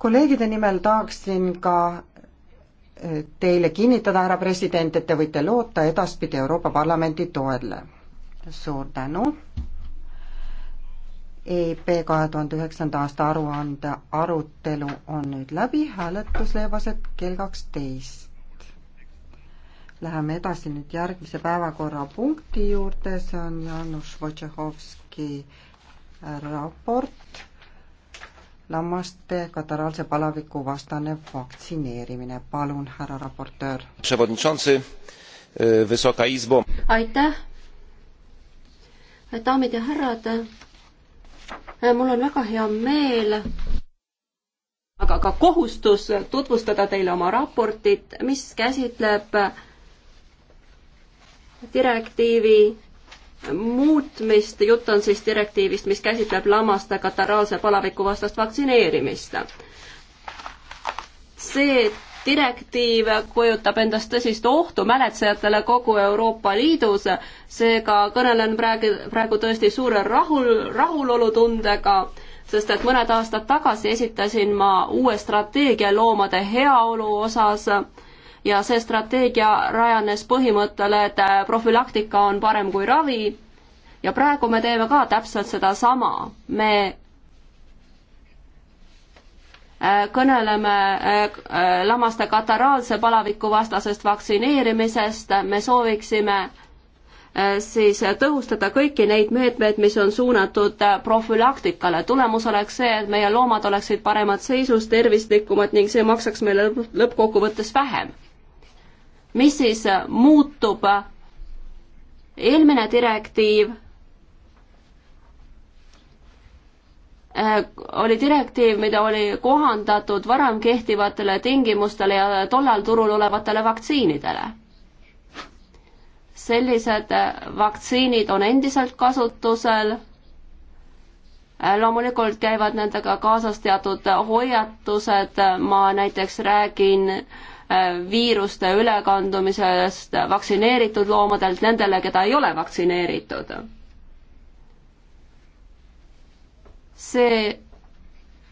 kolleegide nimel tahaksin ka eh, teile kinnitada, härra president, et te võite loota edaspidi Euroopa Parlamendi toele. suur tänu. EIP kahe tuhande üheksanda aasta aruande arutelu on nüüd läbi, hääletus leiab aset kell kaksteist. Läheme edasi nüüd järgmise päevakorrapunkti juurde, see on Jaanus Wojciechowski raport lammaste kataraalse palaviku vastane vaktsineerimine. palun, härra raportöör. E, aitäh. daamid ja härrad, e, mul on väga hea meel aga ka kohustus tutvustada teile oma raportit, mis käsitleb direktiivi muutmist, jutt on siis direktiivist, mis käsitleb lammaste kataraalse palaviku vastast vaktsineerimist. see direktiiv kujutab endast tõsist ohtu mäletsejatele kogu Euroopa Liidus, seega kõnelen praegu, praegu tõesti suure rahul, rahulolutundega, sest et mõned aastad tagasi esitasin ma uue strateegia loomade heaolu osas äh, ja see strateegia rajanes põhimõttele, et äh, profülaktika on parem kui ravi ja praegu me teeme ka täpselt sedasama, me äh, kõneleme äh, lamaste kataraalse palaviku vastasest vaktsineerimisest, me sooviksime siis tõhustada kõiki neid meetmeid, mis on suunatud profülaktikale. tulemus oleks see, et meie loomad oleksid paremas seisus, tervislikumad ning see maksaks meile lõppkokkuvõttes vähem mis siis äh, muutub? eelmine direktiiv äh, oli direktiiv, mida oli kohandatud varem kehtivatele tingimustele ja tollal turul olevatele vaktsiinidele. sellised äh, vaktsiinid on endiselt kasutusel. loomulikult käivad nendega kaasas teatud hoiatused, ma näiteks räägin äh, Äh, viiruste ülekandumisest vaktsineeritud loomadelt nendele, keda ei ole vaktsineeritud. see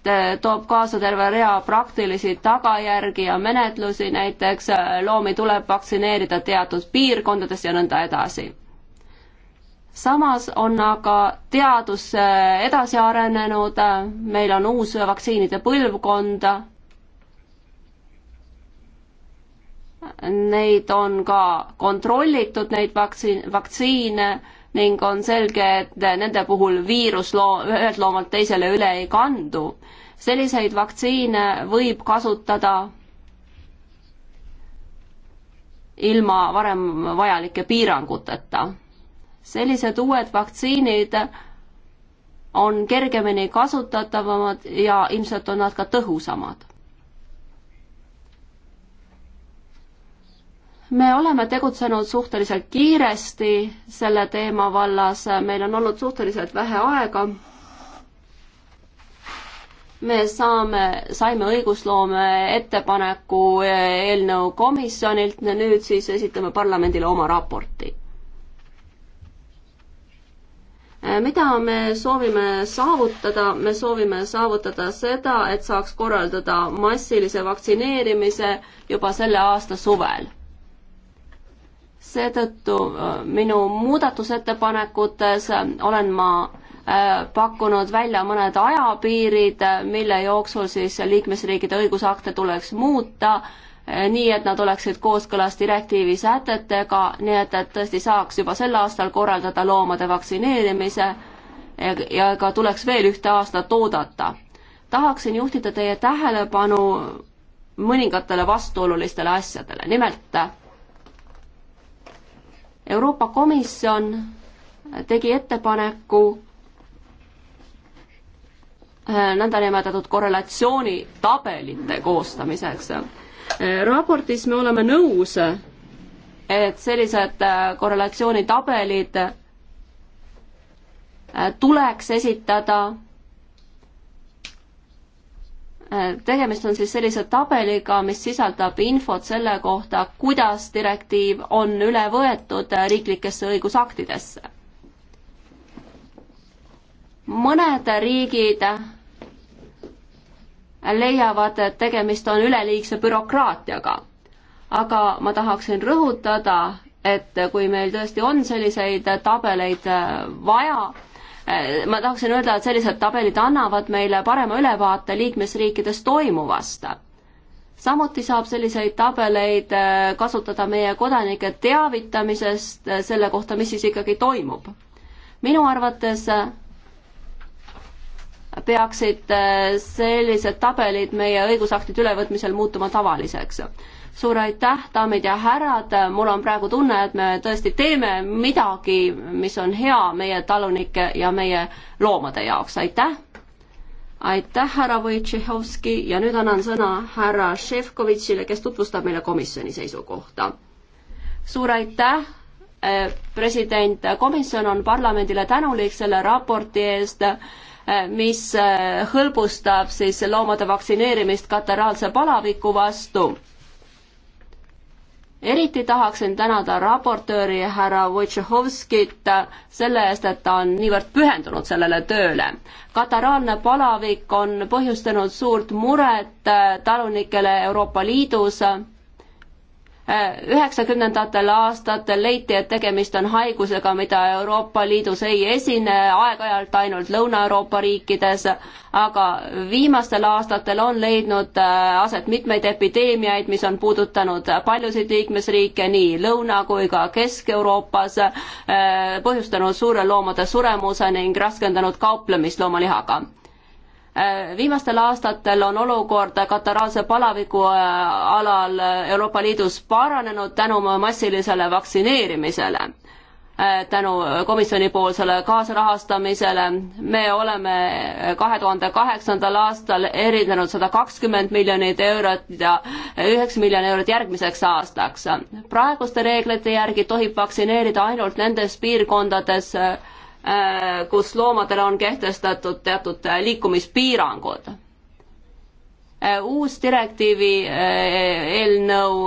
äh, toob kaasa terve rea praktilisi tagajärgi ja menetlusi, näiteks äh, loomi tuleb vaktsineerida teatud piirkondades ja nõnda edasi. samas on aga teadus edasi arenenud, meil on uus vaktsiinide põlvkond neid on ka kontrollitud, neid vaktsiin, vaktsiine ning on selge, et nende puhul viirus loo-, ühelt loomalt teisele üle ei kandu. selliseid vaktsiine võib kasutada ilma varem vajalike piiranguteta. sellised uued vaktsiinid on kergemini kasutatavamad ja ilmselt on nad ka tõhusamad me oleme tegutsenud suhteliselt kiiresti selle teema vallas, meil on olnud suhteliselt vähe aega. me saame, saime õigusloome ettepaneku eelnõu komisjonilt, nüüd siis esitame parlamendile oma raporti. mida me soovime saavutada, me soovime saavutada seda, et saaks korraldada massilise vaktsineerimise juba selle aasta suvel seetõttu äh, minu muudatusettepanekutes äh, olen ma äh, pakkunud välja mõned ajapiirid, mille jooksul siis liikmesriikide õigusakte tuleks muuta, nii et nad oleksid kooskõlas direktiivi sätetega, nii et, et tõesti saaks juba sel aastal korraldada loomade vaktsineerimise ja ka tuleks veel ühte aastat oodata. tahaksin juhtida teie tähelepanu mõningatele vastuolulistele asjadele, nimelt Euroopa Komisjon tegi ettepaneku äh, nõndanimetatud korrelatsioonitabelite koostamiseks. Äh, raportis me oleme nõus, et sellised äh, korrelatsioonitabelid tuleks esitada Äh, tegemist on siis sellise tabeliga, mis sisaldab infot selle kohta, kuidas direktiiv on üle võetud äh, riiklikesse õigusaktidesse. mõned riigid leiavad, et tegemist on üleliigse bürokraatiaga. aga ma tahaksin rõhutada, et kui meil tõesti on selliseid tabeleid äh, vaja, Äh, ma tahaksin öelda, et sellised tabelid annavad meile parema ülevaate liikmesriikides toimuvast. samuti saab selliseid tabeleid äh, kasutada meie kodanike teavitamisest äh, selle kohta, mis siis ikkagi toimub. minu arvates peaksid sellised tabelid meie õigusaktide ülevõtmisel muutuma tavaliseks suur aitäh, daamid ja härrad, mul on praegu tunne, et me tõesti teeme midagi, mis on hea meie talunike ja meie loomade jaoks, aitäh! aitäh, härra Võitšehovski ja nüüd annan sõna härra Šefkovitšile, kes tutvustab meile komisjoni seisukohta. suur aitäh, eh, president, komisjon on parlamendile tänulik selle raporti eest, eh, mis eh, hõlbustab siis loomade vaktsineerimist kateraalse palaviku vastu eriti tahaksin tänada raportööri härra Wojciechowskit selle eest, et ta on niivõrd pühendunud sellele tööle. kataraalne palavik on põhjustanud suurt muret talunikele Euroopa Liidus Äh, üheksakümnendatel aastatel leiti, et tegemist on haigusega, mida Euroopa Liidus ei esine, aeg-ajalt ainult Lõuna-Euroopa riikides, aga viimastel aastatel on leidnud äh, aset mitmeid epideemiaid, mis on puudutanud paljusid liikmesriike nii Lõuna- kui ka Kesk-Euroopas, äh, põhjustanud suure loomade suremuse ning raskendanud kauplemist loomalihaga Äh, viimastel aastatel on olukord kataraalse palaviku äh, alal Euroopa Liidus paranenud tänu massilisele vaktsineerimisele äh, tänu komisjonipoolsele kaasrahastamisele. me oleme kahe tuhande kaheksandal aastal erinenud sada kakskümmend miljonit eurot ja üheksa miljonit eurot järgmiseks aastaks. praeguste reeglite järgi tohib vaktsineerida ainult nendes piirkondades, Äh, kus loomadele on kehtestatud teatud äh, liikumispiirangud. Äh, uus direktiivi eelnõu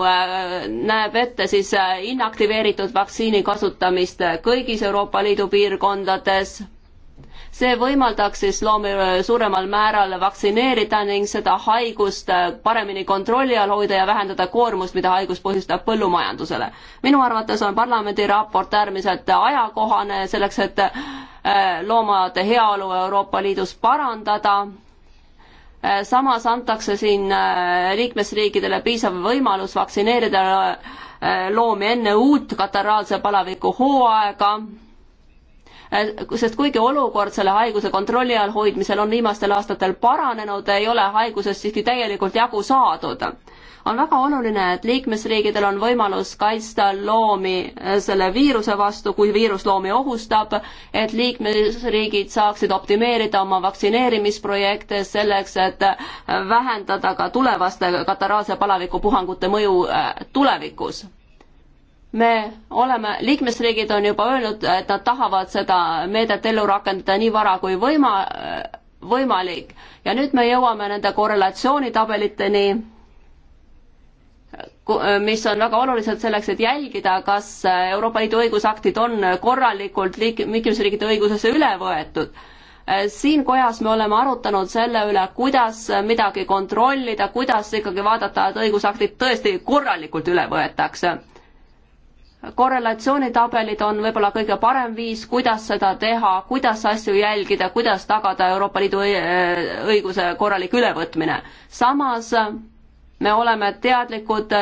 näeb ette siis inaktiveeritud vaktsiini kasutamist kõigis Euroopa Liidu piirkondades see võimaldaks siis loomi äh, suuremal määral vaktsineerida ning seda haigust äh, paremini kontrolli all hoida ja vähendada koormust, mida haigus põhjustab põllumajandusele. minu arvates on parlamendi raport äärmiselt ajakohane selleks, et äh, loomade heaolu Euroopa Liidus parandada samas antakse siin liikmesriikidele piisav võimalus vaktsineerida loomi enne uut kataraalse palaviku hooaega Äh, sest kuigi olukord selle haiguse kontrolli all hoidmisel on viimastel aastatel paranenud, ei ole haigusest siiski täielikult jagu saadud. on väga oluline, et liikmesriigidel on võimalus kaitsta loomi äh, selle viiruse vastu, kui viirus loomi ohustab, et liikmesriigid saaksid optimeerida oma vaktsineerimisprojekte selleks, et äh, vähendada ka tulevaste kataraasia palavikupuhangute mõju tulevikus me oleme, liikmesriigid on juba öelnud, et nad tahavad seda meedet ellu rakendada nii vara kui võima-, võimalik ja nüüd me jõuame nende korrelatsioonitabeliteni, mis on väga olulised selleks, et jälgida, kas Euroopa Liidu õigusaktid on korralikult liik-, liikmesriikide õigusesse üle võetud. siin kojas me oleme arutanud selle üle, kuidas midagi kontrollida, kuidas ikkagi vaadata, et õigusaktid tõesti korralikult üle võetakse korrelatsioonitabelid on võib-olla kõige parem viis, kuidas seda teha, kuidas asju jälgida, kuidas tagada Euroopa Liidu äh, õiguse korralik ülevõtmine. samas me oleme teadlikud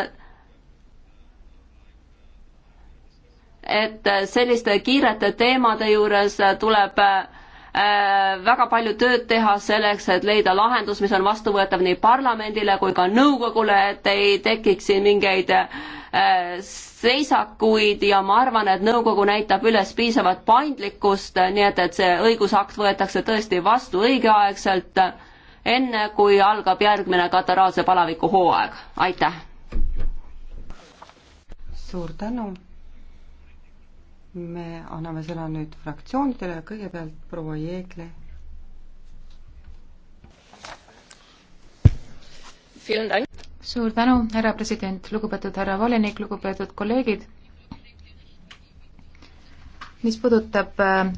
et selliste kiirete teemade juures tuleb äh, Äh, väga palju tööd teha selleks, et leida lahendus, mis on vastuvõetav nii parlamendile kui ka nõukogule, et ei tekiks siin mingeid äh, seisakuid ja ma arvan, et nõukogu näitab üles piisavat paindlikkust, nii et, et see õigusakt võetakse tõesti vastu õigeaegselt, enne kui algab järgmine kataraalse palaviku hooaeg. aitäh! suur tänu! me anname sõna nüüd fraktsioonidele, kõigepealt proua Jeegle. suur tänu, härra president, lugupeetud härra volinik, lugupeetud kolleegid. mis puudutab äh,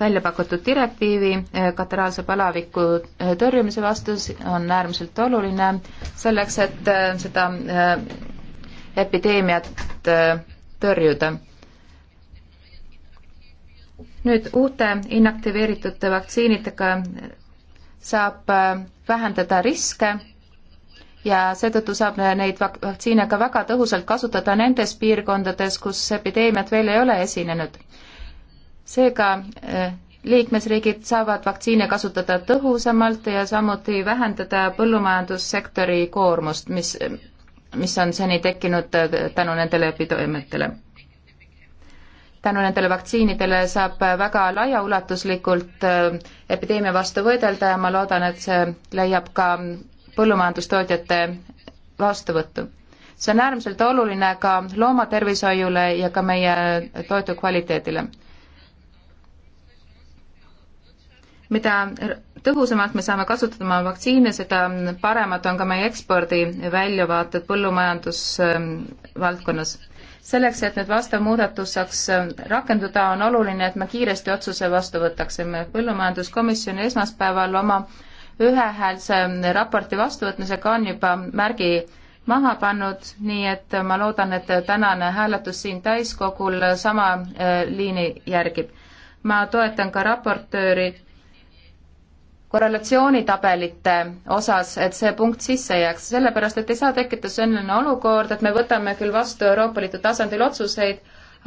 välja pakutud direktiivi äh, kateraalse palaviku äh, tõrjumise vastu, on äärmiselt oluline selleks, et seda epideemiat tõrjuda nüüd uute inaktiveeritud vaktsiinidega saab äh, vähendada riske ja seetõttu saab neid vaktsiine ka väga tõhusalt kasutada nendes piirkondades, kus epideemiat veel ei ole esinenud. seega äh, liikmesriigid saavad vaktsiine kasutada tõhusamalt ja samuti vähendada põllumajandussektori koormust, mis, mis on seni tekkinud äh, tänu nendele epideemiatele tänu nendele vaktsiinidele saab väga laiaulatuslikult äh, epideemia vastu võidelda ja ma loodan, et see leiab ka põllumajandustootjate vastuvõttu. see on äärmiselt oluline ka loomatervishoiule ja ka meie toidu kvaliteedile. mida tõhusamalt me saame kasutada oma vaktsiine, seda paremad on ka meie ekspordi väljavaated põllumajandusvaldkonnas äh, selleks, et nüüd vastav muudatus saaks äh, rakenduda, on oluline, et me kiiresti otsuse vastu võtaksime. põllumajanduskomisjoni esmaspäeval oma ühehäälse äh, raporti vastuvõtmisega on juba märgi maha pannud, nii et ma loodan, et tänane hääletus siin täiskogul sama äh, liini järgib. ma toetan ka raportööri korrelatsioonitabelite osas, et see punkt sisse jääks, sellepärast et ei saa tekkida selline olukord, et me võtame küll vastu Euroopa Liidu tasandil otsuseid,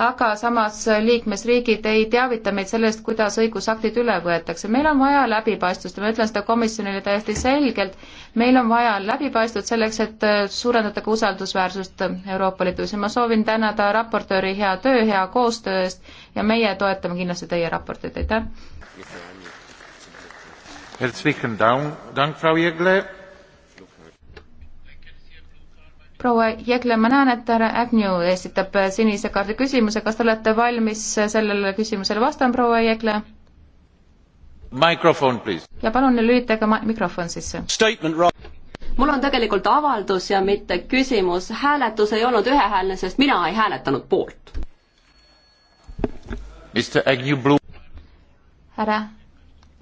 aga samas liikmesriigid ei teavita meid sellest, kuidas õigusaktid üle võetakse. meil on vaja läbipaistvust ja ma ütlen seda komisjonile täiesti selgelt, meil on vaja läbipaistvust selleks, et suurendada ka usaldusväärsust Euroopa Liidus ja ma soovin tänada raportööri hea töö, hea koostöö eest ja meie toetame kindlasti teie raportit, aitäh! Herzlichen Dank, Frau Jegle. proua Jegle, ma näen, et härra Agnew esitab sinise kaardi küsimuse, kas te olete valmis sellele küsimusele vastama, proua Jegle? mikrofon, please. ja palun lülitage mikrofon sisse. mul on tegelikult avaldus ja mitte küsimus, hääletus ei olnud ühehäälne, sest mina ei hääletanud poolt. härra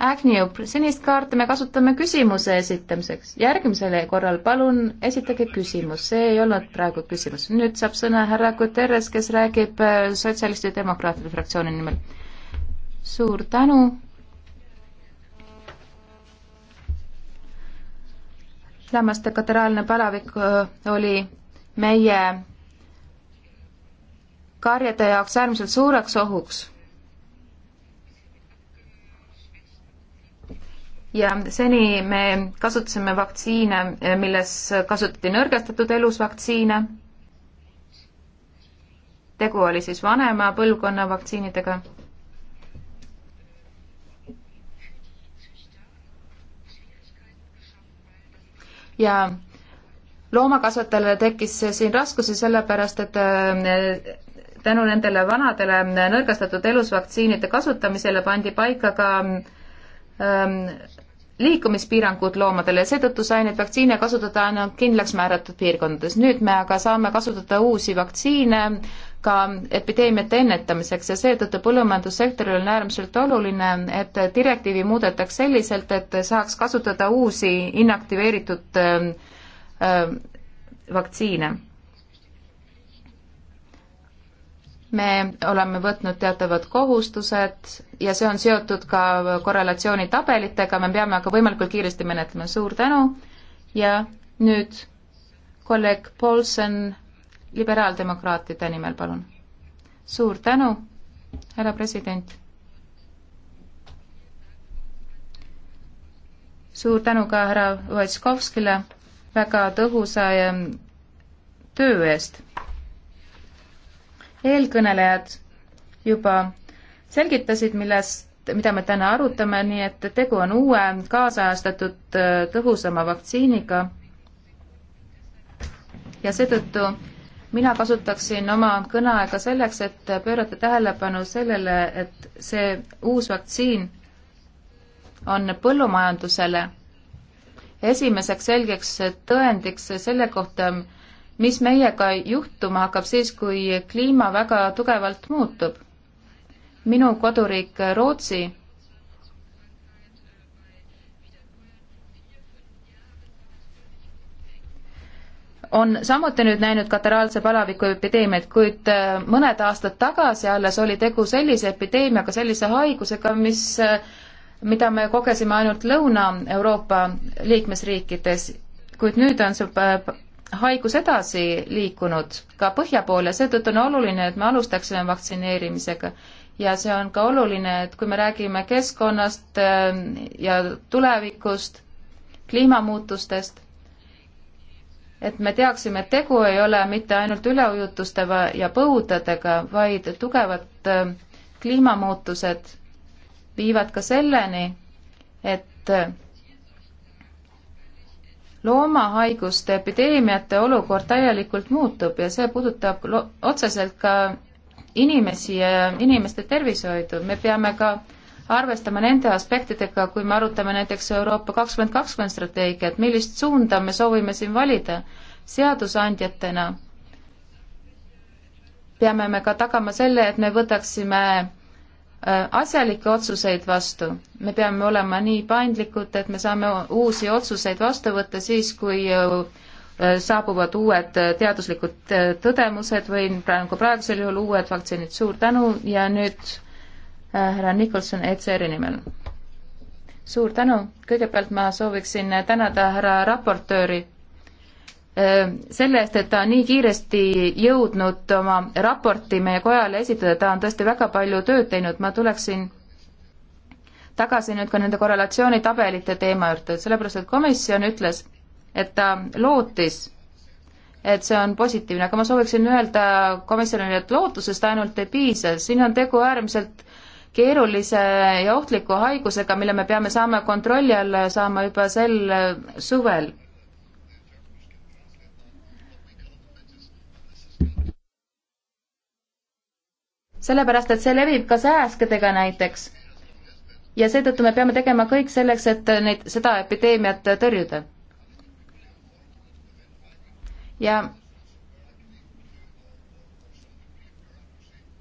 Agnew, sinist kaarti me kasutame küsimuse esitamiseks. järgmisel korral palun esitage küsimus, see ei olnud praegu küsimus. nüüd saab sõna härra Guterres, kes räägib äh, Sotsialistide Demokraatide fraktsiooni nimel. suur tänu. lämmaste kateraalne palavik äh, oli meie karjade jaoks äärmiselt suureks ohuks ja seni me kasutasime vaktsiine, milles kasutati nõrgestatud elus vaktsiine. tegu oli siis vanema põlvkonna vaktsiinidega. ja loomakasvatajale tekkis siin raskusi sellepärast, et äh, tänu nendele vanadele nõrgestatud elus vaktsiinide kasutamisele pandi paika ka ähm, liikumispiirangud loomadele ja seetõttu sai neid vaktsiine kasutada ainult kindlaks määratud piirkondades. nüüd me aga saame kasutada uusi vaktsiine ka epideemiate ennetamiseks ja seetõttu põllumajandussektoril on äärmiselt oluline, et direktiivi muudetaks selliselt, et saaks kasutada uusi inaktiveeritud äh, äh, vaktsiine me oleme võtnud teatavad kohustused ja see on seotud ka korrelatsioonitabelitega, me peame aga võimalikult kiiresti menetlema, suur tänu ja nüüd kolleeg Paulsen liberaaldemokraatide nimel, palun. suur tänu, härra president. suur tänu ka härra Vatskovskile väga tõhusa ähm, töö eest eelkõnelejad juba selgitasid, millest, mida me täna arutame, nii et tegu on uue kaasajastatud tõhusama vaktsiiniga. ja seetõttu mina kasutaksin oma kõneaega selleks, et pöörata tähelepanu sellele, et see uus vaktsiin on põllumajandusele esimeseks selgeks tõendiks selle kohta, mis meiega juhtuma hakkab siis, kui kliima väga tugevalt muutub. minu koduriik Rootsi on samuti nüüd näinud kataraalse palaviku epideemiat, kuid äh, mõned aastad tagasi alles oli tegu sellise epideemiaga, sellise haigusega, mis, äh, mida me kogesime ainult Lõuna-Euroopa liikmesriikides, kuid nüüd on see äh, haigus edasi liikunud ka põhja poole, seetõttu on oluline, et me alustaksime vaktsineerimisega. ja see on ka oluline, et kui me räägime keskkonnast ähm, ja tulevikust, kliimamuutustest, et me teaksime, et tegu ei ole mitte ainult üleujutuste ja põudadega, vaid tugevad ähm, kliimamuutused viivad ka selleni, et loomahaiguste epideemiate olukord täielikult muutub ja see puudutab otseselt ka inimesi ja inimeste tervishoidu, me peame ka arvestama nende aspektidega, kui me arutame näiteks Euroopa kakskümmend kakskümmend strateegiat, millist suunda me soovime siin valida seadusandjatena. peame me ka tagama selle, et me võtaksime Äh, asjalikke otsuseid vastu. me peame olema nii paindlikud, et me saame uusi otsuseid vastu võtta siis, kui äh, saabuvad uued äh, teaduslikud tõdemused või praegu praegusel juhul uued vaktsiinid. suur tänu ja nüüd härra Nikolson ECR-i nimel. suur tänu, kõigepealt ma sooviksin tänada härra raportööri selle eest, et ta on nii kiiresti jõudnud oma raporti meie kojale esitada, ta on tõesti väga palju tööd teinud, ma tuleksin tagasi nüüd ka nende korrelatsioonitabelite teema juurde, sellepärast et komisjon ütles, et ta lootis, et see on positiivne, aga ma sooviksin öelda komisjonile, et lootusest ainult ei piisa, siin on tegu äärmiselt keerulise ja ohtliku haigusega, mille me peame saama kontrolli alla ja saama juba sel suvel sellepärast et see levib ka sääskedega näiteks. ja seetõttu me peame tegema kõik selleks, et neid, seda epideemiat tõrjuda. ja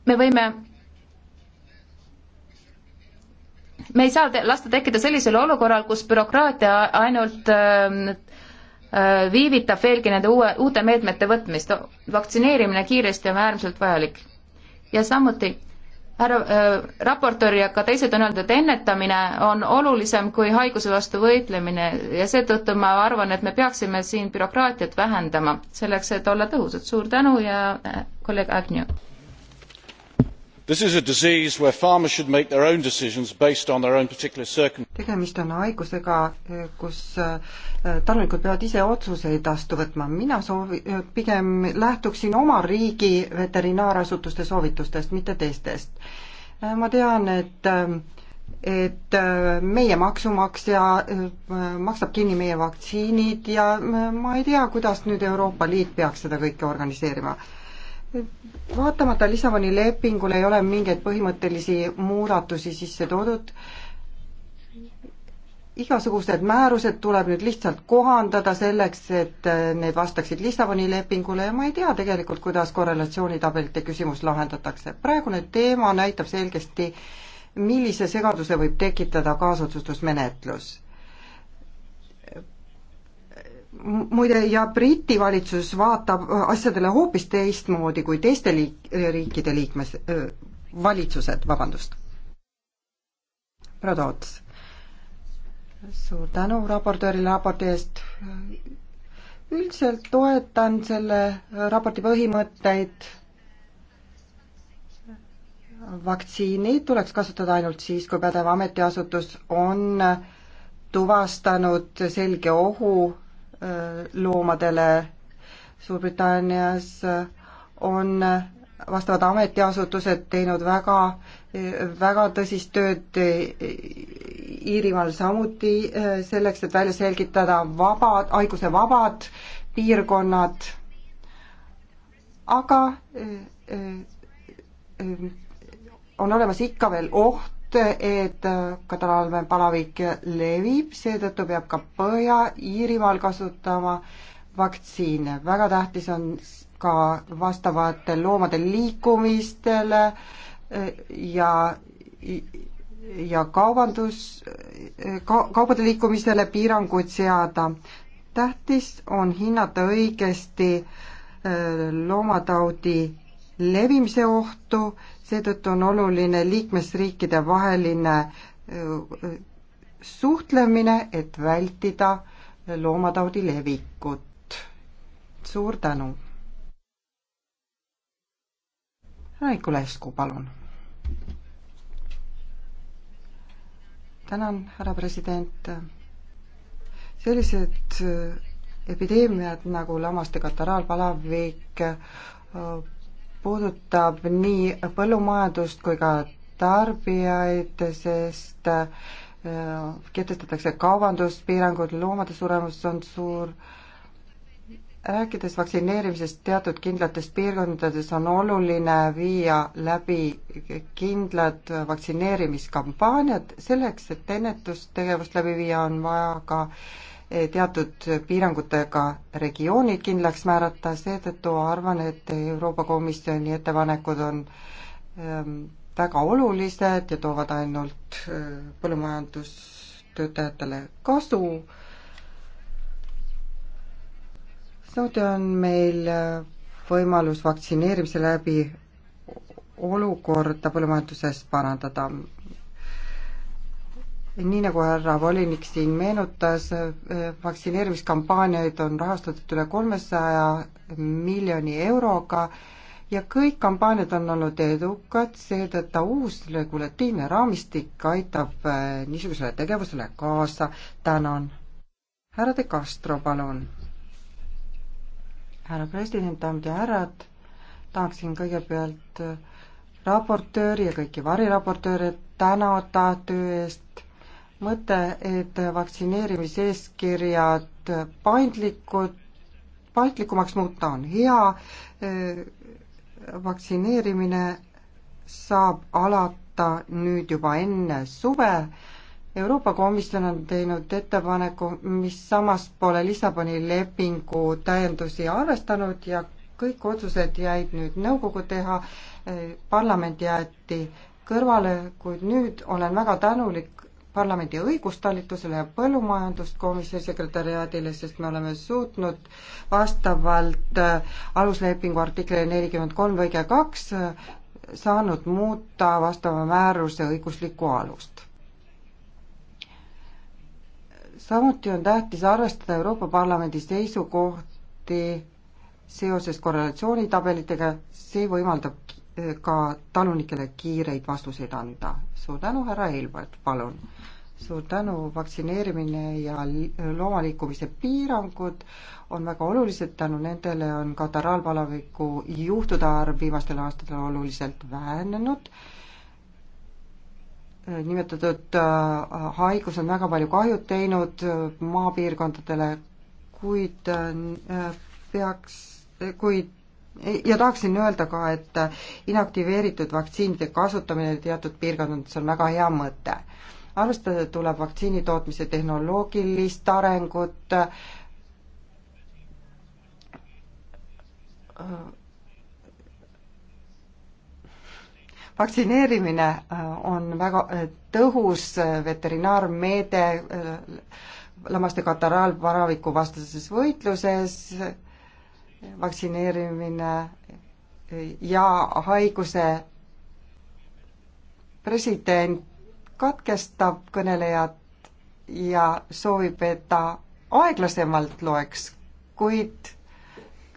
me võime me ei saa te lasta tekkida sellisel olukorral, kus bürokraatia ainult ähm, äh, viivitab veelgi nende uue, uute meetmete võtmist. vaktsineerimine kiiresti on äärmiselt vajalik ja samuti härra äh, raportöör ja ka teised on öelnud, et ennetamine on olulisem kui haiguse vastu võitlemine ja seetõttu ma arvan, et me peaksime siin bürokraatiat vähendama, selleks et olla tõhusad. suur tänu ja äh, kolleeg Agnew this is a disease where farmers should make their own decisions based on their own particular circum- tegemist on haigusega, kus eh, talunikud peavad ise otsuseid vastu võtma. mina soovi-, eh, pigem lähtuksin oma riigi veterinaarasutuste soovitustest, mitte teistest. Eh, ma tean, et et meie maksumaksja maksab kinni meie vaktsiinid ja ma ei tea, kuidas nüüd Euroopa Liit peaks seda kõike organiseerima vaatamata Lissaboni lepingule ei ole mingeid põhimõttelisi muudatusi sisse toodud. igasugused määrused tuleb nüüd lihtsalt kohandada selleks, et need vastaksid Lissaboni lepingule ja ma ei tea tegelikult, kuidas korrelatsioonitabelite küsimus lahendatakse. praegune teema näitab selgesti, millise segaduse võib tekitada kaasotsustusmenetlus muide, ja Briti valitsus vaatab äh, asjadele hoopis teistmoodi kui teiste liik-, äh, riikide liikmes-, äh, valitsused, vabandust. Prado Ots. suur tänu raportöörile raporti eest, üldiselt toetan selle raporti põhimõtteid, vaktsiini tuleks kasutada ainult siis, kui pädev ametiasutus on tuvastanud selge ohu loomadele. Suurbritannias on vastavad ametiasutused teinud väga, väga tõsist tööd Iirimaal samuti eh, selleks, et välja selgitada vabad, haiguse vabad piirkonnad, aga eh, eh, on olemas ikka veel oht, et katalaalne palavik levib, seetõttu peab ka Põhja-Iirimaal kasutama vaktsiine. väga tähtis on ka vastavate loomade liikumistele eh, ja ja kaubandus eh, ka,, kaupade liikumisele piiranguid seada. tähtis on hinnata õigesti eh, loomataudi levimise ohtu seetõttu on oluline liikmesriikide vaheline suhtlemine, et vältida loomataudi levikut. suur tänu! Nikolescu, palun! tänan, härra president! sellised epideemiad nagu lammaste kataraalpalavik, puudutab nii põllumajandust kui ka tarbijaid, sest äh, kehtestatakse kaubanduspiirangud, loomade suremus on suur. rääkides vaktsineerimisest teatud kindlates piirkondades, on oluline viia läbi kindlad vaktsineerimiskampaaniad, selleks, et ennetustegevust läbi viia, on vaja ka äh, teatud piirangutega regioonid kindlaks määrata, seetõttu arvan, et Euroopa Komisjoni ettepanekud on ähm, väga olulised ja toovad ainult äh, põllumajandustöötajatele kasu. samuti on meil äh, võimalus vaktsineerimise läbi olukorda põllumajanduses parandada nii nagu härra volinik siin meenutas, eh, vaktsineerimiskampaaniaid on rahastatud üle kolmesaja miljoni euroga ja kõik kampaaniad on olnud edukad, seetõttu uus regulatiivne raamistik aitab eh, niisugusele tegevusele kaasa. tänan. härra De Castro, palun. härra president, daamid ja härrad, tahaksin kõigepealt eh, raportööri ja kõiki variraportööre tänada töö eest mõte, et vaktsineerimiseeskirjad paindlikud, paindlikumaks muuta on hea, vaktsineerimine saab alata nüüd juba enne suve, Euroopa Komisjon on teinud ettepaneku, mis samas pole Lissaboni lepingu täiendusi arvestanud ja kõik otsused jäid nüüd nõukogu teha, parlament jäeti kõrvale, kuid nüüd olen väga tänulik parlamendi õigustalitusele ja põllumajanduskomisjoni sekretäriaadile, sest me oleme suutnud vastavalt äh, aluslepingu artiklile nelikümmend kolm lõige kaks äh, saanud muuta vastava määruse õiguslikku alust. samuti on tähtis arvestada Euroopa Parlamendi seisukohti seoses korrelatsioonitabelitega, see võimaldab ka talunikele kiireid vastuseid anda. suur tänu, härra Eilbert, palun. suur tänu, vaktsineerimine ja loomaliikumise piirangud on väga olulised, tänu nendele on ka taraalpalaviku juhtude arv viimastel aastatel oluliselt vähenenud nimetatud äh, haigus on väga palju kahjud teinud äh, maapiirkondadele, kuid äh, peaks, kuid ja tahaksin öelda ka, et inaktiveeritud vaktsiinide kasutamine teatud piirkondades on väga hea mõte. arvestada tuleb vaktsiini tootmise tehnoloogilist arengut, vaktsineerimine äh, on väga äh, tõhus äh, veterinaarmeede lammaste kataraalparaviku vastases võitluses vaktsineerimine ja haiguse president katkestab kõnelejat ja soovib, et ta aeglasemalt loeks, kuid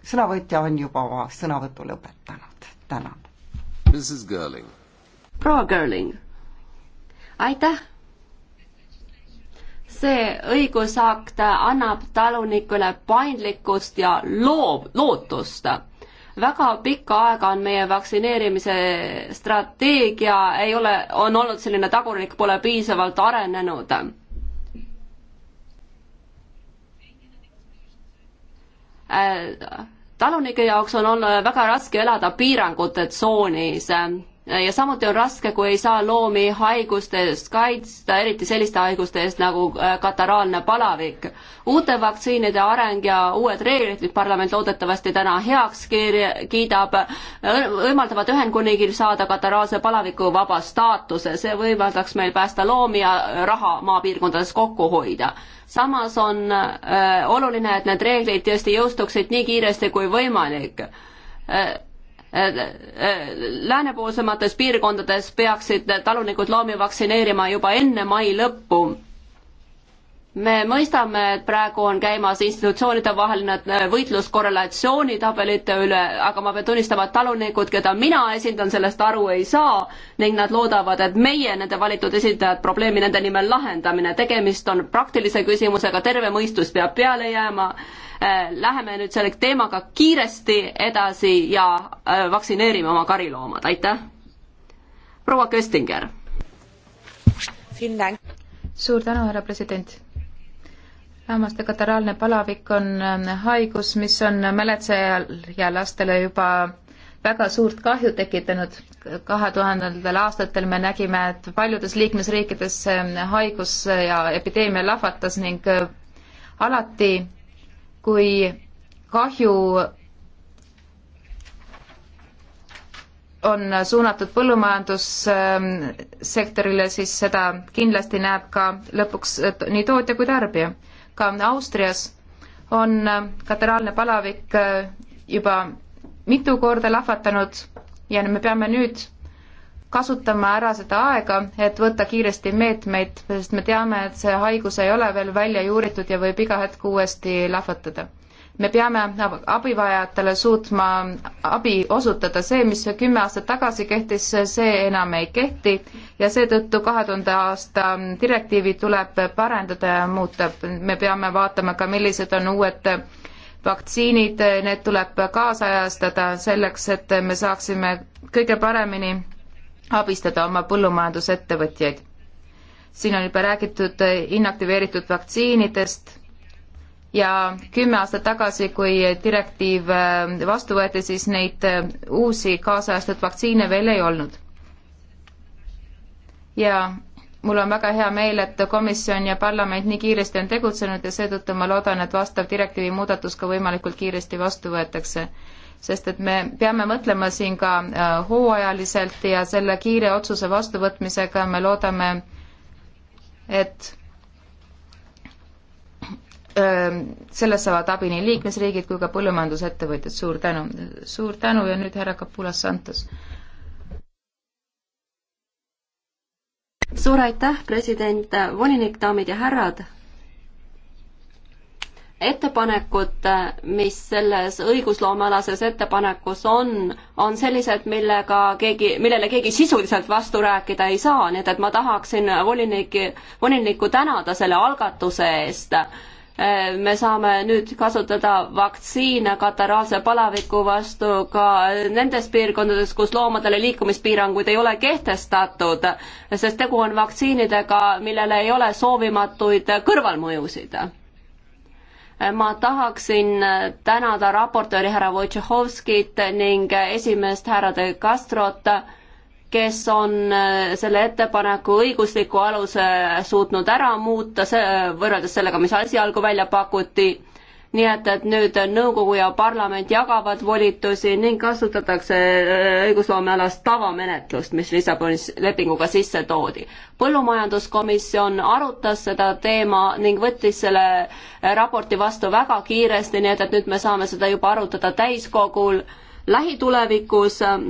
sõnavõtja on juba oma sõnavõtu lõpetanud. tänan. proua Görling, aitäh see õigusakt annab talunikule paindlikkust ja loob lootust. väga pikka aega on meie vaktsineerimise strateegia, ei ole, on olnud selline tagurlik, pole piisavalt arenenud äh, talunike jaoks on olnud väga raske elada piirangute tsoonis äh, ja samuti on raske, kui ei saa loomi haigustest kaitsta, eriti selliste haiguste eest nagu äh, kataraalne palavik. uute vaktsiinide areng ja uued reeglid, mida parlament loodetavasti täna heaks kiidab, äh, võimaldavad Ühendkuningil saada kataraalse palaviku vaba staatuse, see võimaldaks meil päästa loomi ja raha maapiirkondades kokku hoida. samas on äh, oluline, et need reeglid tõesti jõustuksid nii kiiresti kui võimalik äh, Äh, äh, läänepoolsemates piirkondades peaksid talunikud loomi vaktsineerima juba enne mai lõppu. me mõistame, et praegu on käimas institutsioonide vaheline äh, võitlus korrelatsioonitabelite üle, aga ma pean tunnistama, et talunikud, keda mina esindan, sellest aru ei saa ning nad loodavad, et meie, nende valitud esindajad, probleemi nende nimel lahendamine, tegemist on praktilise küsimusega, terve mõistus peab peale jääma Äh, läheme nüüd selle teemaga kiiresti edasi ja äh, vaktsineerime oma kariloomad, aitäh. proua Köstinger. suur tänu, härra president. hammaste kataraalne palavik on äh, haigus, mis on mäletsejal ja lastele juba väga suurt kahju tekitanud. kahe tuhandendatel aastatel me nägime, et paljudes liikmesriikides haigus ja epideemia lahvatas ning alati kui kahju on suunatud põllumajandussektorile, siis seda kindlasti näeb ka lõpuks nii tootja kui tarbija. ka Austrias on kateraalne palavik juba mitu korda lahvatanud ja me peame nüüd kasutama ära seda aega, et võtta kiiresti meetmeid, sest me teame, et see haigus ei ole veel välja juuritud ja võib iga hetk uuesti lahvatada. me peame abivajajatele suutma abi osutada, see, mis kümme aastat tagasi kehtis, see enam ei kehti ja seetõttu kahe tuhande aasta direktiivi tuleb parendada ja muuta, me peame vaatama ka, millised on uued vaktsiinid, need tuleb kaasajastada selleks, et me saaksime kõige paremini abistada oma põllumajandusettevõtjaid. siin on juba räägitud äh, inaktiveeritud vaktsiinidest ja kümme aastat tagasi, kui direktiiv äh, vastu võeti, siis neid äh, uusi kaasajastatud vaktsiine veel ei olnud. ja mul on väga hea meel, et komisjon ja parlament nii kiiresti on tegutsenud ja seetõttu ma loodan, et vastav direktiivi muudatus ka võimalikult kiiresti vastu võetakse sest et me peame mõtlema siin ka äh, hooajaliselt ja selle kiire otsuse vastuvõtmisega me loodame, et ähm, sellest saavad abi nii liikmesriigid kui ka põllumajandusettevõtjad, suur tänu. suur tänu ja nüüd härra Kapulas Santos. suur aitäh, president, volinik, daamid ja härrad ettepanekud, mis selles õigusloomealases ettepanekus on, on sellised, millega keegi, millele keegi sisuliselt vastu rääkida ei saa, nii et, et ma tahaksin volinik, volinikku tänada selle algatuse eest. me saame nüüd kasutada vaktsiine kataraalse palaviku vastu ka nendes piirkondades, kus loomadele liikumispiiranguid ei ole kehtestatud, sest tegu on vaktsiinidega, millele ei ole soovimatuid kõrvalmõjusid Äh, ma tahaksin äh, tänada raportööri härra Wojciechowskit ning esimeest härra De Castrot, kes on äh, selle ettepaneku õigusliku aluse suutnud ära muuta see, võrreldes sellega, mis esialgu välja pakuti nii et, et nüüd nõukogu ja parlament jagavad volitusi ning kasutatakse äh, õigusloomealast tavamenetlust, mis Lissabonis lepinguga sisse toodi. põllumajanduskomisjon arutas seda teema ning võttis selle äh, raporti vastu väga kiiresti, nii et, et nüüd me saame seda juba arutada täiskogul lähitulevikus äh,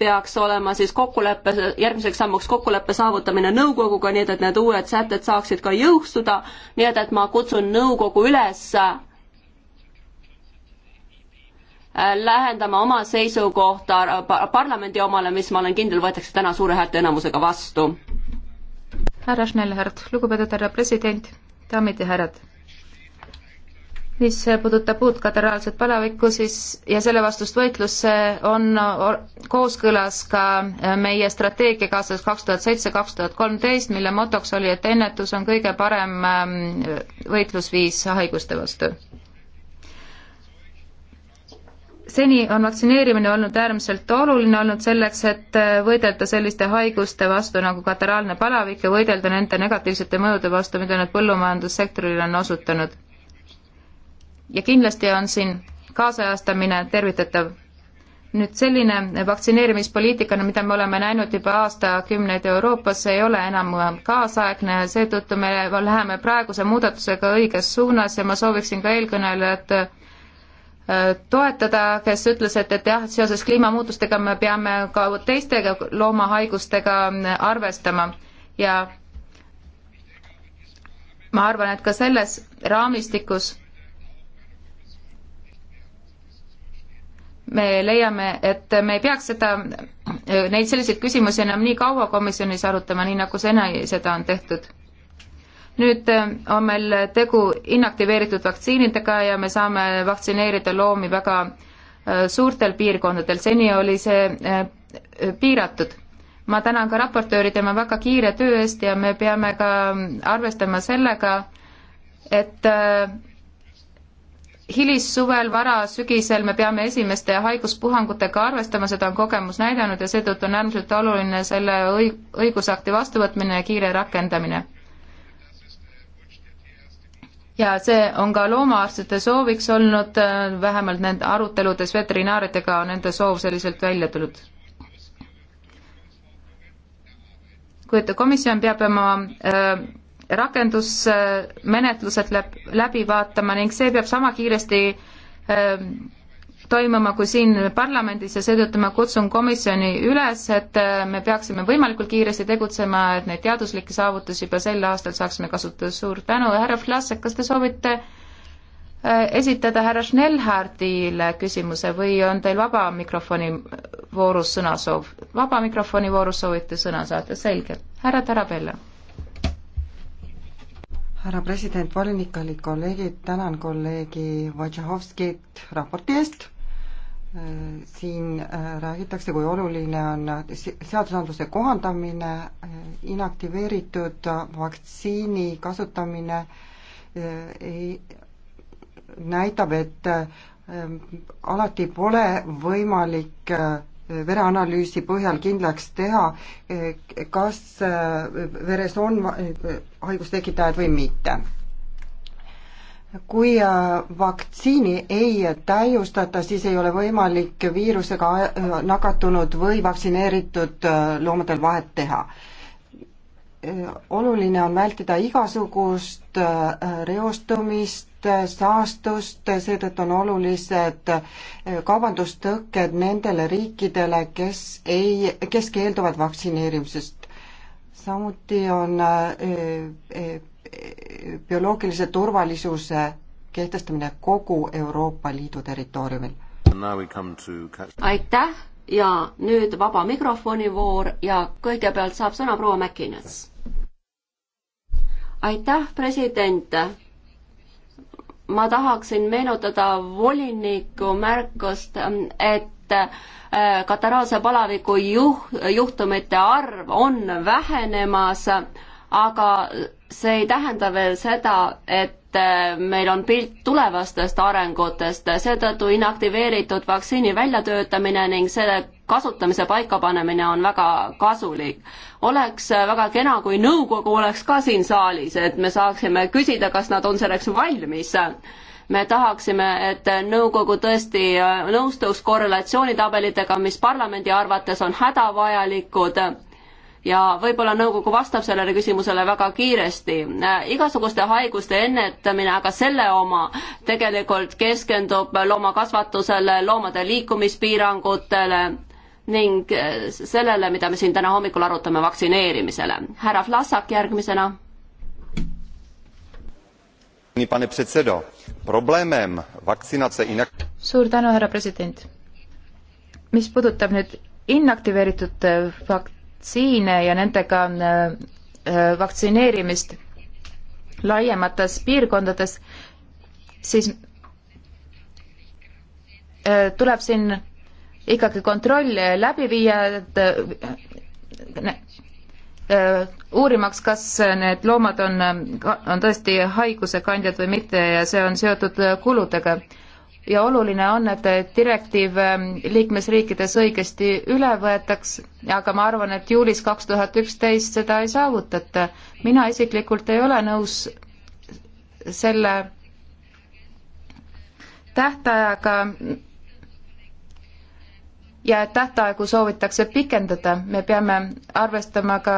peaks olema siis kokkuleppe, järgmiseks sammuks kokkuleppe saavutamine nõukoguga, nii et, et need uued sätted saaksid ka jõustuda, nii et, et ma kutsun nõukogu üles Äh, lähendama oma seisukohta parlamendi omale, mis ma olen kindel, võetakse täna suure häälteenamusega vastu. härra Schnellhardt, lugupeetud härra president, daamid ja härrad mis puudutab uut katedraalset palavikku, siis ja selle vastust võitlus, see on kooskõlas ka äh, meie strateegiaga aastast kaks tuhat seitse, kaks tuhat kolmteist, mille motoks oli, et ennetus on kõige parem ähm, võitlusviis haiguste vastu seni on vaktsineerimine olnud äärmiselt oluline olnud selleks, et äh, võidelda selliste haiguste vastu nagu kataraalne palavik ja võidelda nende negatiivsete mõjude vastu, mida nad põllumajandussektorile on osutanud. ja kindlasti on siin kaasajastamine tervitatav. nüüd selline vaktsineerimispoliitika, mida me oleme näinud juba aastakümneid Euroopas, ei ole enam kaasaegne ja seetõttu me läheme praeguse muudatusega õiges suunas ja ma sooviksin ka eelkõnelejat toetada, kes ütles, et, et jah, seoses kliimamuutustega me peame ka teistega loomahaigustega arvestama ja ma arvan, et ka selles raamistikus me leiame, et me ei peaks seda, neid selliseid küsimusi enam nii kaua komisjonis arutama, nii nagu seni seda on tehtud nüüd äh, on meil tegu inaktiveeritud vaktsiinidega ja me saame vaktsineerida loomi väga äh, suurtel piirkondadel, seni oli see äh, piiratud. ma tänan ka raportööri tema väga kiire töö eest ja me peame ka arvestama sellega, et hilissuvel, varasügisel me peame esimeste haiguspuhangutega arvestama, seda on kogemus näidanud ja seetõttu on äärmiselt oluline selle õig-, õigusakti vastuvõtmine ja kiire rakendamine ja see on ka loomaarstide sooviks olnud, vähemalt nende aruteludes veterinaaridega on nende soov selliselt välja tulnud. kuid komisjon peab oma äh, rakendusmenetlused läb-, läbi vaatama ning see peab sama kiiresti äh, toimuma kui siin parlamendis ja seetõttu ma kutsun komisjoni üles, et äh, me peaksime võimalikult kiiresti tegutsema, et neid teaduslikke saavutusi juba sel aastal saaksime kasutada. suur tänu, härra Vlasek, kas te soovite äh, esitada härra Schnellhardile küsimuse või on teil vaba mikrofoni voorus sõnasoov? vaba mikrofoni voorus soovite sõna saada, selge. härra Tarabella. härra president, volinik, kallid kolleegid, tänan kolleegi Vatšahovskit raporti eest siin äh, räägitakse, kui oluline on seadusandluse kohandamine, äh, inaktiveeritud vaktsiini kasutamine äh, ei, näitab, et alati pole võimalik vereanalüüsi põhjal kindlaks teha, kas veres on haigustekitajad või mitte kui äh, vaktsiini ei täiustata, siis ei ole võimalik viirusega äh, nakatunud või vaktsineeritud äh, loomadel vahet teha. oluline on vältida igasugust reostumist, saastust, seetõttu on olulised kaubandustõkked nendele riikidele, kes ei, kes keelduvad vaktsineerimisest. samuti on bioloogilise turvalisuse kehtestamine kogu Euroopa Liidu territooriumil. To... aitäh ja nüüd vaba mikrofoni voor ja kõigepealt saab sõna proua Mäkinets. aitäh, president. ma tahaksin meenutada voliniku märkust, et äh, kataraalse palaviku juht, juhtumite arv on vähenemas aga see ei tähenda veel seda, et äh, meil on pilt tulevastest arengutest, seetõttu inaktiveeritud vaktsiini väljatöötamine ning selle kasutamise paikapanemine on väga kasulik. oleks äh, väga kena, kui nõukogu oleks ka siin saalis, et me saaksime küsida, kas nad on selleks valmis me tahaksime, et nõukogu tõesti äh, nõustuks korrelatsioonitabelitega, mis parlamendi arvates on hädavajalikud ja võib-olla nõukogu vastab sellele küsimusele väga kiiresti. Äh, igasuguste haiguste ennetamine, aga selle oma tegelikult keskendub loomakasvatusele, loomade liikumispiirangutele ning äh, sellele, mida me siin täna hommikul arutame, vaktsineerimisele. härra Vlasak järgmisena. pane predsedo, probleemem vaktsiinatse inak-. suur tänu, härra president. mis puudutab nüüd inaktiveeritud äh, vak-, vaktsiine ja nendega äh, äh, vaktsineerimist laiemates piirkondades, siis äh, tuleb siin ikkagi kontroll läbi viia, et uurimaks, kas need loomad on, on tõesti haigusekandjad või mitte ja see on seotud kuludega ja oluline on, et direktiiv ähm, liikmesriikides õigesti üle võetaks, aga ma arvan, et juulis kaks tuhat üksteist seda ei saavutata. mina isiklikult ei ole nõus selle tähtajaga ja et tähtaegu soovitakse pikendada, me peame arvestama ka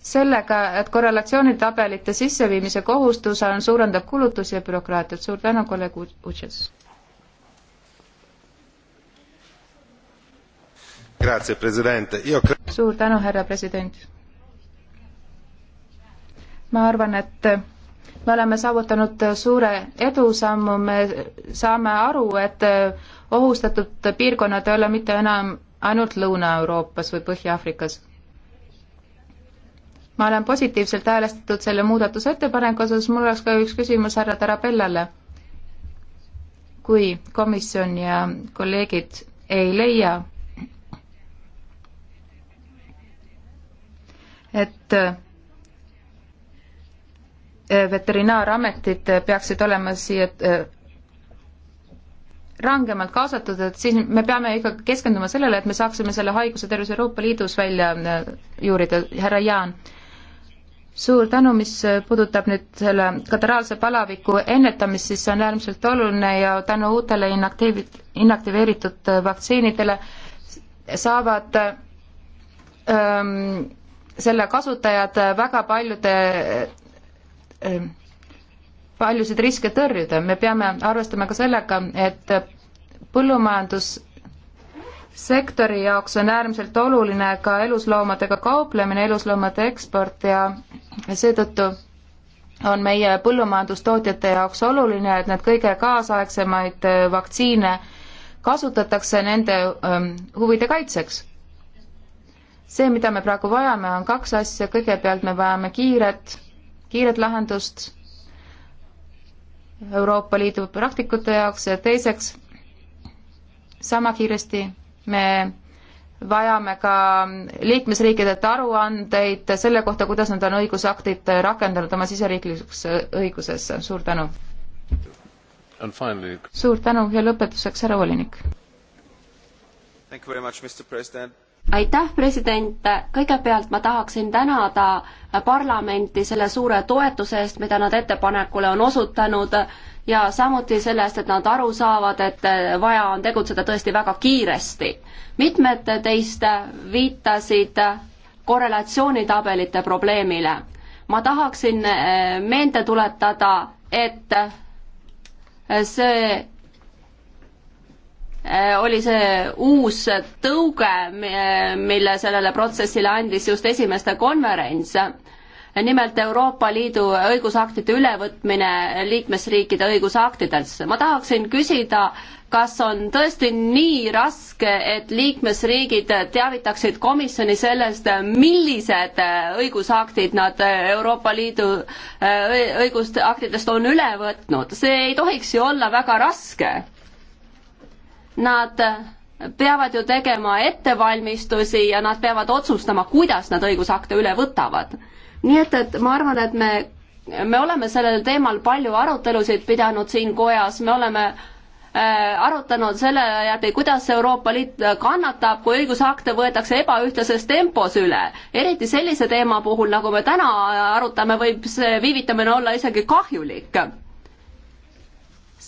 sellega, et korrelatsioonitabelite sisseviimise kohustus on, suurendab kulutusi ja bürokraatiat. suur tänu, kolleeg Utšes. suur tänu, härra president. ma arvan, et me oleme saavutanud suure edusammu, me saame aru, et ohustatud piirkonnad ei ole mitte enam ainult Lõuna-Euroopas või Põhja-Aafrikas. ma olen positiivselt häälestatud selle muudatusettepaneku osas, mul oleks ka üks küsimus härra Tarabellale. kui komisjon ja kolleegid ei leia, et eh, veterinaarametid peaksid olema siia eh, rangemalt kaasatud, et siis me peame ikka keskenduma sellele, et me saaksime selle haiguse terves Euroopa Liidus välja eh, juurida, härra Jaan. suur tänu, mis puudutab nüüd selle kataraalse palaviku ennetamist, siis see on äärmiselt oluline ja tänu uutele inaktiiv-, inaktiveeritud vaktsiinidele saavad ähm, selle kasutajad väga paljude ähm, paljusid riske tõrjuda, me peame arvestama ka sellega, et põllumajandussektori jaoks on äärmiselt oluline ka elusloomadega kauplemine, elusloomade eksport ja seetõttu on meie põllumajandustootjate jaoks oluline, et need kõige kaasaegsemaid äh, vaktsiine kasutatakse nende ähm, huvide kaitseks see, mida me praegu vajame, on kaks asja, kõigepealt me vajame kiiret, kiiret lahendust Euroopa Liidu praktikute jaoks ja teiseks, sama kiiresti me vajame ka liikmesriikidelt aruandeid selle kohta, kuidas nad on õigusaktid rakendanud oma siseriiklikuks õigusesse, suur tänu. Finally... suur tänu ja lõpetuseks, härra volinik. Thank you very much, Mr President aitäh, president, kõigepealt ma tahaksin tänada parlamenti selle suure toetuse eest, mida nad ettepanekule on osutanud ja samuti selle eest, et nad aru saavad, et vaja on tegutseda tõesti väga kiiresti. mitmed teist viitasid korrelatsioonitabelite probleemile. ma tahaksin meelde tuletada, et see Äh, oli see uus tõuge, äh, mille sellele protsessile andis just esimeste konverents. nimelt Euroopa Liidu õigusaktide ülevõtmine liikmesriikide õigusaktidesse. ma tahaksin küsida, kas on tõesti nii raske, et liikmesriigid teavitaksid komisjoni sellest, millised äh, õigusaktid nad Euroopa Liidu õigusaktidest on üle võtnud? see ei tohiks ju olla väga raske nad peavad ju tegema ettevalmistusi ja nad peavad otsustama, kuidas nad õigusakte üle võtavad. nii et, et ma arvan, et me, me oleme sellel teemal palju arutelusid pidanud siin kojas, me oleme äh, arutanud selle läbi, kuidas Euroopa Liit kannatab, kui õigusakte võetakse ebaühtlases tempos üle. eriti sellise teema puhul, nagu me täna arutame, võib see viivitamine olla isegi kahjulik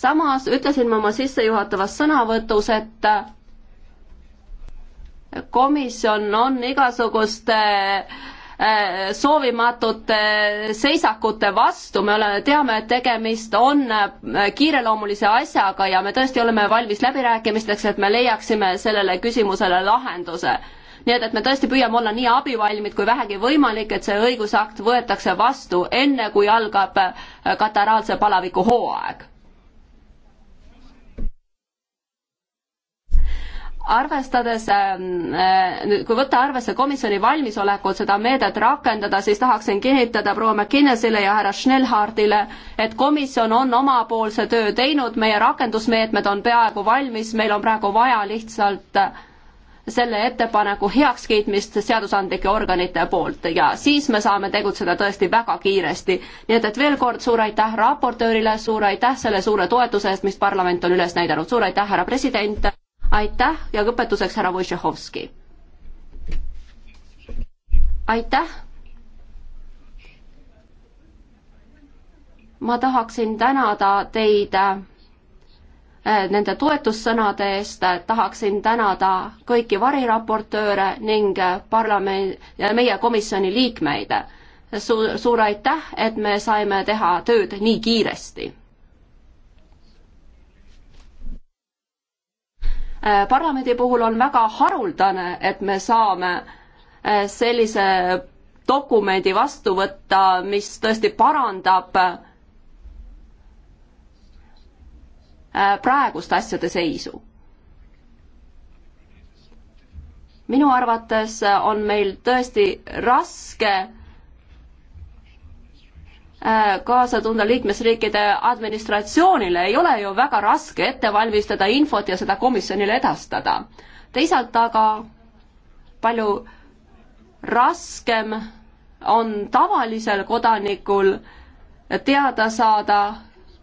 samas ütlesin ma oma sissejuhatavas sõnavõtus, et komisjon on igasuguste äh, soovimatute seisakute vastu, me oleme, teame, et tegemist on äh, kiireloomulise asjaga ja me tõesti oleme valmis läbirääkimisteks, et me leiaksime sellele küsimusele lahenduse nii et, et me tõesti püüame olla nii abivalmid kui vähegi võimalik, et see õigusakt võetakse vastu enne, kui algab äh, kataraalse palaviku hooaeg. arvestades, ähm, äh, kui võtta arvesse komisjoni valmisolekut seda meedet rakendada, siis tahaksin kinnitada proua McKinnesile ja härra Schnellhardile, et komisjon on omapoolse töö teinud, meie rakendusmeetmed on peaaegu valmis, meil on praegu vaja lihtsalt äh, selle ettepaneku heakskiitmist seadusandlike organite poolt ja siis me saame tegutseda tõesti väga kiiresti. nii et, et veel kord suur aitäh raportöörile, suur aitäh selle suure toetuse eest, mis parlament on üles näidanud, suur aitäh, härra president! aitäh ja lõpetuseks härra Wojciechowski. aitäh. ma tahaksin tänada teid äh, nende toetussõnade eest, tahaksin tänada kõiki variraportööre ning äh, parlamendi ja meie komisjoni liikmeid. suur, suur aitäh, et me saime teha tööd nii kiiresti Äh, parlamendi puhul on väga haruldane, et me saame äh, sellise dokumendi vastu võtta, mis tõesti parandab äh, praegust asjade seisu. minu arvates on meil tõesti raske Äh, kaasa tunda liikmesriikide administratsioonile, ei ole ju väga raske ette valmistada infot ja seda komisjonile edastada. teisalt aga palju raskem on tavalisel kodanikul teada saada,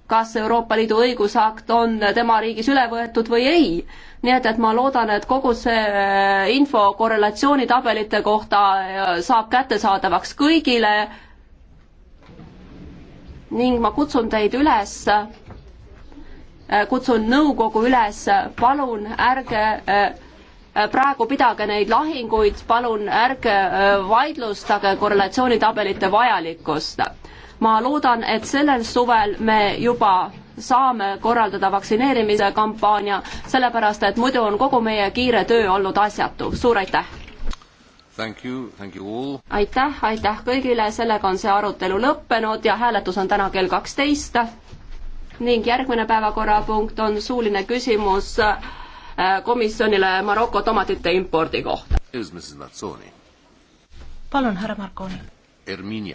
kas Euroopa Liidu õigusakt on tema riigis üle võetud või ei. nii et, et ma loodan, et kogu see äh, info korrelatsioonitabelite kohta äh, saab kättesaadavaks kõigile ning ma kutsun teid üles, äh, kutsun nõukogu üles, palun ärge äh, äh, praegu pidage neid lahinguid, palun ärge vaidlustage korrelatsioonitabelite vajalikkust. ma loodan, et sellel suvel me juba saame korraldada vaktsineerimise kampaania, sellepärast et muidu on kogu meie kiire töö olnud asjatu. suur aitäh! aitäh, aitäh kõigile, sellega on see arutelu lõppenud ja hääletus on täna kell kaksteist. ning järgmine päevakorrapunkt on suuline küsimus äh, komisjonile Maroko tomatite impordi kohta. palun, härra Marconi.